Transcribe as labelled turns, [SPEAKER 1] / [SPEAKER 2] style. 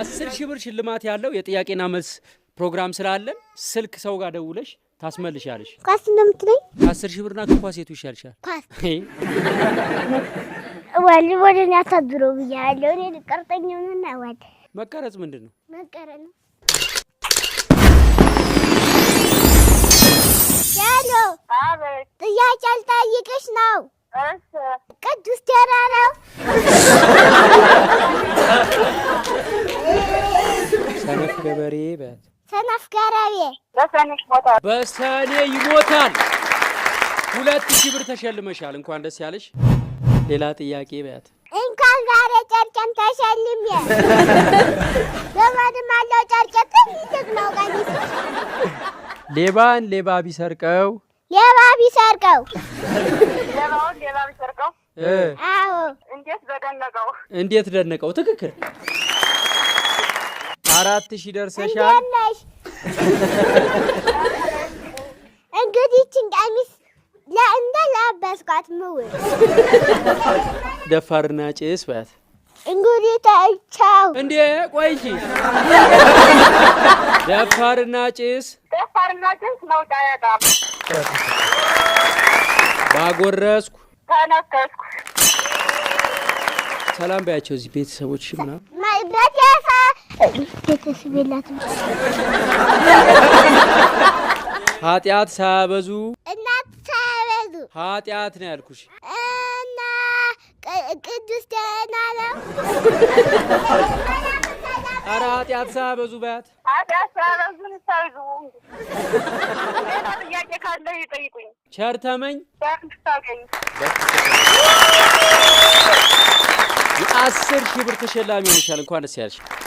[SPEAKER 1] አስር ሺህ ብር ሽልማት ያለው የጥያቄና መልስ ፕሮግራም ስላለን ስልክ ሰው ጋር ደውለሽ ታስመልሻለሽ።
[SPEAKER 2] ኳስ እንደምትለኝ
[SPEAKER 1] ከአስር ሺህ ብርና ከኳስ የቱ ይሻልሻል?
[SPEAKER 2] ኳስ ወል ወደኛ ታድሮ ብያለሁ። እኔ ልቀርጠኝ ሆነና ወል
[SPEAKER 1] መቀረጽ ምንድን ነው
[SPEAKER 2] መቀረጽ ነው። ሄሎ ጥያቄ ልጠይቅሽ ነው። ቅዱስ ተራራው
[SPEAKER 1] ሰነፍ ገበሬ በት
[SPEAKER 2] ሰነፍ ገበሬ
[SPEAKER 3] በሰኔ ይሞታል።
[SPEAKER 1] በሰኔ ይሞታል። ሁለት ሺህ ብር ተሸልመሻል። እንኳን ደስ ያለሽ። ሌላ ጥያቄ በት
[SPEAKER 2] እንኳን ዛሬ ጨርቄን ተሸልሜ ዘመድም አለው ጨርቄ ትልቅ ነው። ቀሚስ
[SPEAKER 1] ሌባን ሌባ ቢሰርቀው
[SPEAKER 2] ሌባ ቢሰርቀው
[SPEAKER 3] ሌባውን ሌባ ቢሰርቀው፣ አዎ እንዴት በደነቀው
[SPEAKER 1] እንዴት ደነቀው። ትክክል አራት ሺህ ደርሰሻል።
[SPEAKER 2] እንግዲህ ይህችን ቀሚስ ለእንደ ለአበስኳት ምው
[SPEAKER 1] ደፋርና ጭስ በያት።
[SPEAKER 2] እንግዲህ ተይቻው
[SPEAKER 1] እንዴ ቆይ ደፋርና ጭስ
[SPEAKER 3] ደፋርና ጭስ መውጫ ያጣም
[SPEAKER 1] ባጎረስኩ
[SPEAKER 3] ተነከስኩ
[SPEAKER 1] ሰላም በያቸው እዚህ ቤተሰቦች ምናምን ቤተሰብ ኃጢአት ሳያበዙ
[SPEAKER 2] እናት ሳያበዙ
[SPEAKER 1] ኃጢአት ነው ያልኩሽ።
[SPEAKER 2] እና ቅዱስ ደህና ነው።
[SPEAKER 1] ኧረ ኃጢአት ሳያበዙ በያት።
[SPEAKER 3] ኃጢአት ሳያበዙ ንሳይዙ ጥያቄ ካለ ይጠይቁኝ።
[SPEAKER 1] ቸር ተመኝ ታገኝ የአስር ሺህ ብር ተሸላሚ ሆነሻል። እንኳን ደስ ያለሽ።